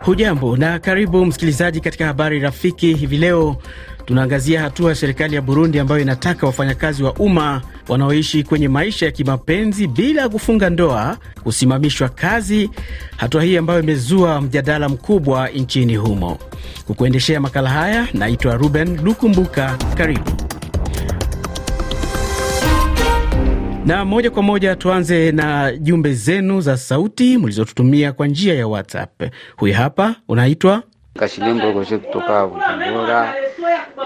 Hujambo na karibu msikilizaji katika habari rafiki. Hivi leo tunaangazia hatua ya serikali ya Burundi ambayo inataka wafanyakazi wa umma wanaoishi kwenye maisha ya kimapenzi bila kufunga ndoa kusimamishwa kazi, hatua hii ambayo imezua mjadala mkubwa nchini humo. Kukuendeshea makala haya naitwa Ruben Lukumbuka, karibu. Na moja kwa moja tuanze na jumbe zenu za sauti mlizotutumia kwa njia ya WhatsApp. Huyu hapa unaitwa Kashilembo Roje kutoka Bujumbura.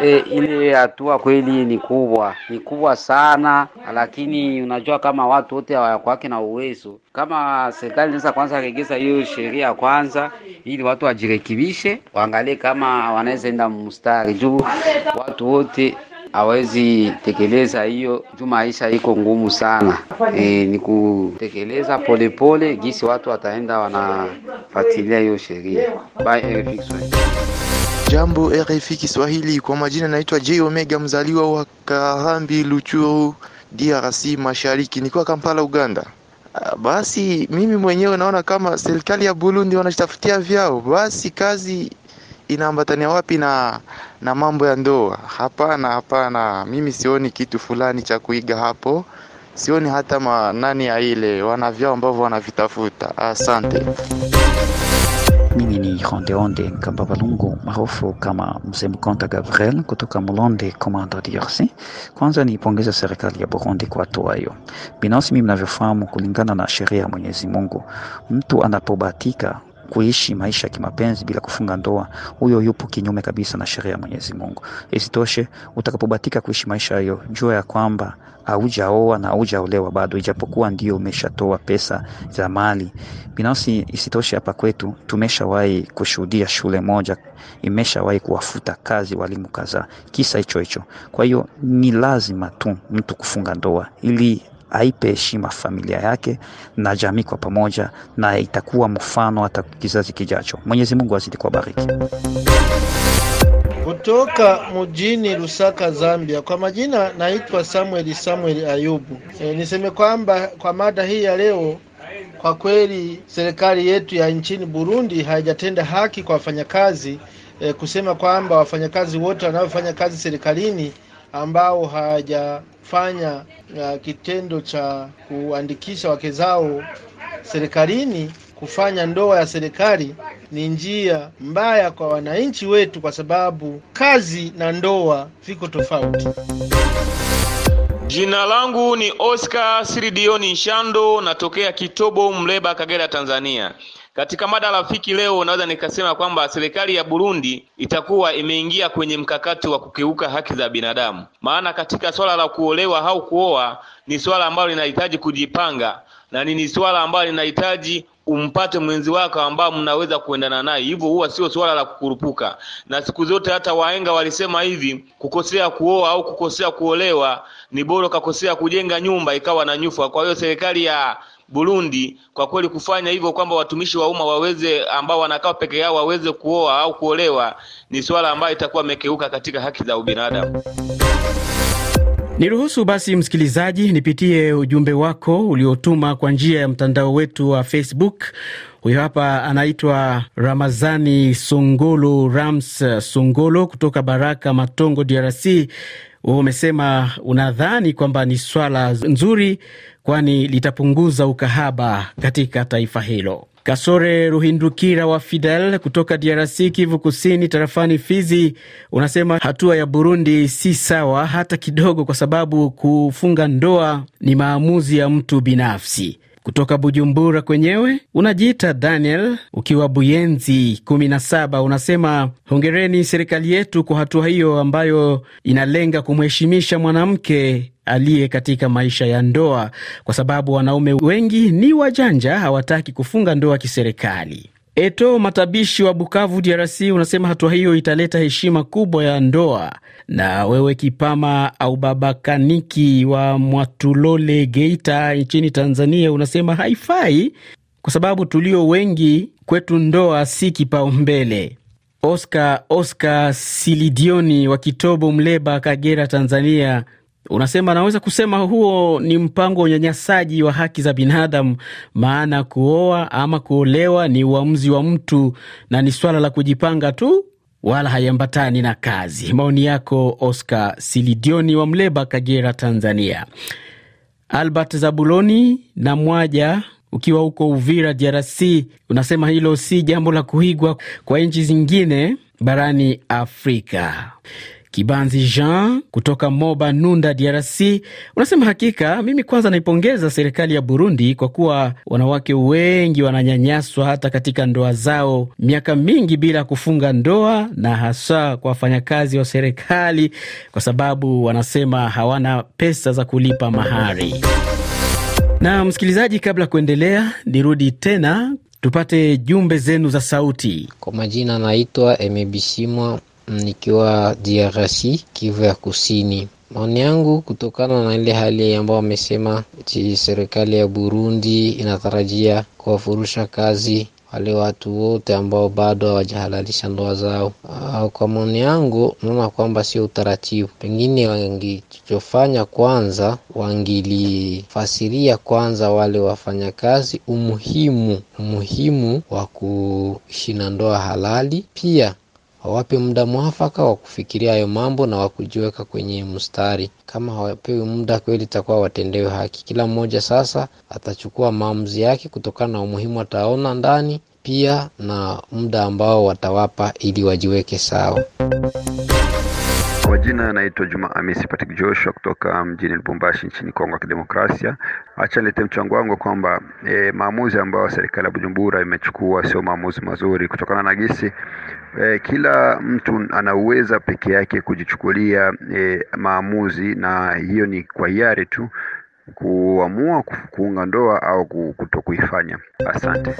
E, ile hatua kweli ni kubwa, ni kubwa sana, lakini unajua kama watu wote hawakwake na uwezo, kama serikali inaweza kwanza regeza hiyo sheria kwanza, ili watu wajirekebishe, waangalie kama wanaweza enda mstari juu watu wote hawezi tekeleza hiyo juu maisha iko ngumu sana. E, ni kutekeleza polepole gisi watu wataenda wanafuatilia hiyo sheria. Jambo RFI Kiswahili, kwa majina naitwa J Omega, mzaliwa wa Karambi, Luchuru, DRC Mashariki, nikiwa Kampala, Uganda. Basi mimi mwenyewe naona kama serikali ya Burundi wanajitafutia vyao, basi kazi inaambatania wapi na na mambo ya ndoa? Hapana, hapana, mimi sioni kitu fulani cha kuiga hapo, sioni hata manani ya ile wanavyao ambavyo wanavitafuta. Asante. Mimi ni Rondeonde Nkamba Balungu maarufu kama Mzee Mkonta Gabriel kutoka Mulonde Komanda, DRC. Kwanza niipongeza serikali ya Burundi kwa hatua hiyo. Binafsi mimi ninavyofahamu, kulingana na sheria ya Mwenyezi Mungu, mtu anapobatika kuishi maisha ya kimapenzi bila kufunga ndoa, huyo yupo kinyume kabisa na sheria ya Mwenyezi Mungu. Isitoshe, utakapobatika kuishi maisha hayo, jua ya kwamba haujaoa na haujaolewa bado, ijapokuwa ndio umeshatoa pesa za mali binafsi. Isitoshe, hapa kwetu tumeshawahi kushuhudia shule moja imeshawahi kuwafuta kazi walimu kadhaa, kisa hicho hicho. Kwa hiyo ni lazima tu mtu kufunga ndoa ili aipe heshima familia yake na jamii kwa pamoja, na itakuwa mfano hata kizazi kijacho. Mwenyezi Mungu azidi bariki Kutoka mjini Lusaka, Zambia. Kwa majina naitwa Samuel Samuel Ayubu. E, niseme kwamba kwa mada hii ya leo kwa kweli serikali yetu ya nchini Burundi haijatenda haki kwa wafanyakazi e, kusema kwamba wafanyakazi wote wanaofanya kazi serikalini ambao hawajafanya uh, kitendo cha kuandikisha wake zao serikalini kufanya ndoa ya serikali ni njia mbaya kwa wananchi wetu, kwa sababu kazi na ndoa viko tofauti. Jina langu ni Oscar Siridioni Nshando, natokea Kitobo, Mleba, Kagera, Tanzania. Katika mada rafiki leo, naweza nikasema kwamba serikali ya Burundi itakuwa imeingia kwenye mkakati wa kukiuka haki za binadamu, maana katika swala la kuolewa au kuoa ni swala ambalo linahitaji kujipanga na ni swala ambalo linahitaji umpate mwenzi wako ambao mnaweza kuendana naye, hivyo huwa sio swala la kukurupuka. Na siku zote hata wahenga walisema hivi, kukosea kuoa au kukosea kuolewa ni bora kakosea kujenga nyumba ikawa na nyufa. Kwa hiyo serikali ya Burundi kwa kweli kufanya hivyo kwamba watumishi wa umma waweze ambao wanakaa peke yao waweze kuoa au kuolewa ni swala ambayo itakuwa imekeuka katika haki za ubinadamu. Niruhusu basi msikilizaji, nipitie ujumbe wako uliotuma kwa njia ya mtandao wetu wa Facebook. Huyo hapa anaitwa Ramazani Sungulu, Rams Sungolo kutoka Baraka, Matongo, DRC. Umesema unadhani kwamba ni swala nzuri kwani litapunguza ukahaba katika taifa hilo. Kasore Ruhindukira wa Fidel kutoka DRC, Kivu Kusini, tarafani Fizi, unasema hatua ya Burundi si sawa hata kidogo, kwa sababu kufunga ndoa ni maamuzi ya mtu binafsi. Kutoka Bujumbura kwenyewe unajiita Daniel ukiwa Buyenzi 17 unasema hongereni serikali yetu kwa hatua hiyo ambayo inalenga kumheshimisha mwanamke aliye katika maisha ya ndoa, kwa sababu wanaume wengi ni wajanja, hawataki kufunga ndoa kiserikali. Eto Matabishi wa Bukavu, DRC, unasema hatua hiyo italeta heshima kubwa ya ndoa. Na wewe Kipama au Babakaniki wa Mwatulole, Geita, nchini Tanzania, unasema haifai kwa sababu tulio wengi kwetu ndoa si kipaumbele. Oscar Oscar Silidioni wa Kitobo, Mleba, Kagera, Tanzania, Unasema naweza kusema huo ni mpango wa unyanyasaji wa haki za binadamu, maana kuoa ama kuolewa ni uamuzi wa mtu na ni swala la kujipanga tu, wala haiambatani na kazi. Maoni yako Oscar Silidioni wa Mleba, Kagera, Tanzania. Albert Zabuloni na Mwaja ukiwa huko Uvira, DRC, unasema hilo si jambo la kuigwa kwa nchi zingine barani Afrika. Kibanzi Jean kutoka Moba Nunda, DRC, unasema hakika, mimi kwanza naipongeza serikali ya Burundi kwa kuwa wanawake wengi wananyanyaswa hata katika ndoa zao miaka mingi bila kufunga ndoa, na hasa kwa wafanyakazi wa serikali, kwa sababu wanasema hawana pesa za kulipa mahari. Na msikilizaji, kabla ya kuendelea, nirudi tena tupate jumbe zenu za sauti. Kwa majina anaitwa Emebishimwa nikiwa DRC, Kivu ya Kusini. Maoni yangu kutokana na ile hali ambayo wamesema serikali ya Burundi inatarajia kuwafurusha kazi wale watu wote ambao bado hawajahalalisha ndoa zao. Ah, kwa maoni yangu naona kwamba sio utaratibu. Pengine wangechofanya kwanza, wangilifasiria kwanza wale wafanyakazi umuhimu umuhimu wa kuishi na ndoa halali pia Hawapi muda mwafaka wa kufikiria hayo mambo na wa kujiweka kwenye mstari. Kama hawapewi muda kweli, itakuwa watendewe haki. Kila mmoja sasa atachukua maamuzi yake kutokana na umuhimu ataona ndani, pia na muda ambao watawapa ili wajiweke sawa. Kwa jina naitwa Juma amisi Patrick Joshua kutoka mjini Lubumbashi nchini Kongo ya Kidemokrasia. Acha nilete mchango wangu kwamba e, maamuzi ambayo serikali ya Bujumbura imechukua sio maamuzi mazuri, kutokana na gisi e, kila mtu anaweza peke yake kujichukulia e, maamuzi, na hiyo ni kwa hiari tu kuamua kuunga ndoa au kutokuifanya. Asante.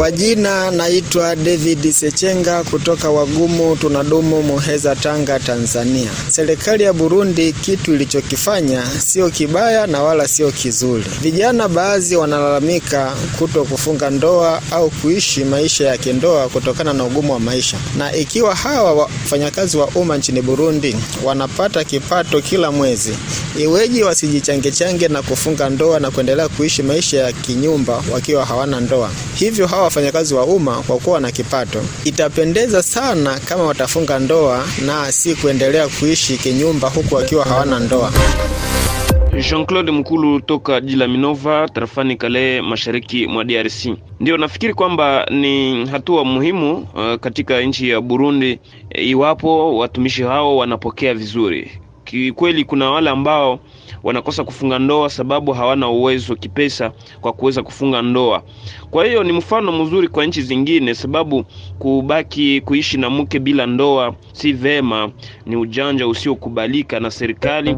Kwa jina naitwa David Sechenga kutoka Wagumu tunadumu Muheza, Tanga, Tanzania. Serikali ya Burundi kitu ilichokifanya sio kibaya na wala sio kizuri. Vijana baadhi wanalalamika kuto kufunga ndoa au kuishi maisha ya kindoa kutokana na ugumu wa maisha, na ikiwa hawa wafanyakazi wa umma nchini Burundi wanapata kipato kila mwezi, iweje wasijichangechange na kufunga ndoa na kuendelea kuishi maisha ya kinyumba wakiwa hawana ndoa? Hivyo hawa wafanyakazi wa umma kwa kuwa na kipato. Itapendeza sana kama watafunga ndoa na si kuendelea kuishi kinyumba huku wakiwa hawana ndoa. Jean-Claude Mkulu toka jila Minova tarafani Kale mashariki mwa DRC. Ndio nafikiri kwamba ni hatua muhimu uh, katika nchi ya Burundi eh, iwapo watumishi hao wanapokea vizuri kweli kuna wale ambao wanakosa kufunga ndoa sababu hawana uwezo kipesa kwa kuweza kufunga ndoa. Kwa hiyo ni mfano mzuri kwa nchi zingine, sababu kubaki kuishi na mke bila ndoa si vema, ni ujanja usiokubalika na serikali.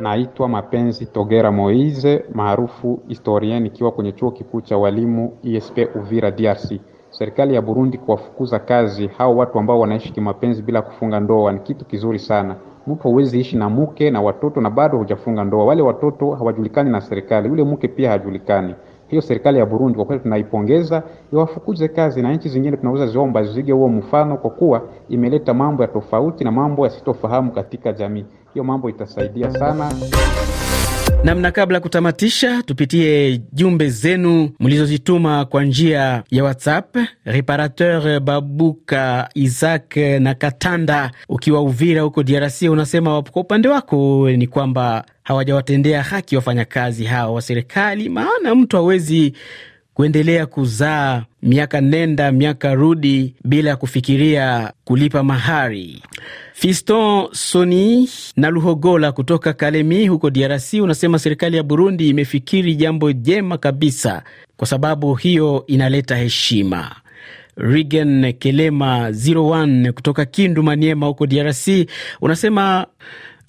Naitwa Mapenzi Togera Moize maarufu historien, ikiwa kwenye chuo kikuu cha walimu ISP e Uvira DRC serikali ya burundi kuwafukuza kazi hao watu ambao wanaishi kimapenzi bila kufunga ndoa ni kitu kizuri sana mtu hauwezi ishi na mke na watoto na bado hujafunga ndoa wale watoto hawajulikani na serikali yule mke pia hajulikani hiyo serikali ya burundi kwa kweli tunaipongeza iwafukuze kazi na nchi zingine tunaweza ziomba zige huo mfano kwa kuwa imeleta mambo ya tofauti na mambo yasitofahamu katika jamii hiyo mambo itasaidia sana Namna kabla ya kutamatisha, tupitie jumbe zenu mlizozituma kwa njia ya WhatsApp. Reparateur Babuka Isaac na Katanda ukiwa Uvira huko DRC unasema kwa upande wako ni kwamba hawajawatendea haki wafanyakazi hawa wa serikali, maana mtu hawezi kuendelea kuzaa miaka nenda miaka rudi bila ya kufikiria kulipa mahari. Fiston Soni na Luhogola kutoka Kalemi huko DRC unasema serikali ya Burundi imefikiri jambo jema kabisa, kwa sababu hiyo inaleta heshima. Rigen Kelema 01 kutoka Kindu Maniema huko DRC unasema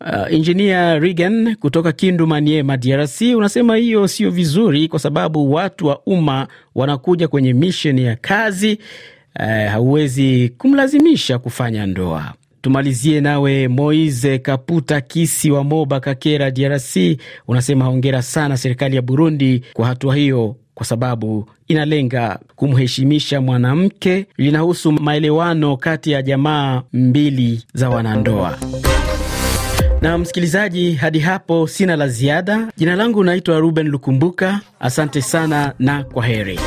Uh, Injinia Regan kutoka Kindu Maniema, DRC, unasema hiyo sio vizuri kwa sababu watu wa umma wanakuja kwenye mission ya kazi. Uh, hauwezi kumlazimisha kufanya ndoa. Tumalizie nawe Moise Kaputa Kisi wa Moba, Kakera, DRC, unasema hongera sana serikali ya Burundi kwa hatua hiyo kwa sababu inalenga kumheshimisha mwanamke. Linahusu maelewano kati ya jamaa mbili za wanandoa. Na msikilizaji, hadi hapo sina la ziada. Jina langu naitwa Ruben Lukumbuka, asante sana na kwa heri.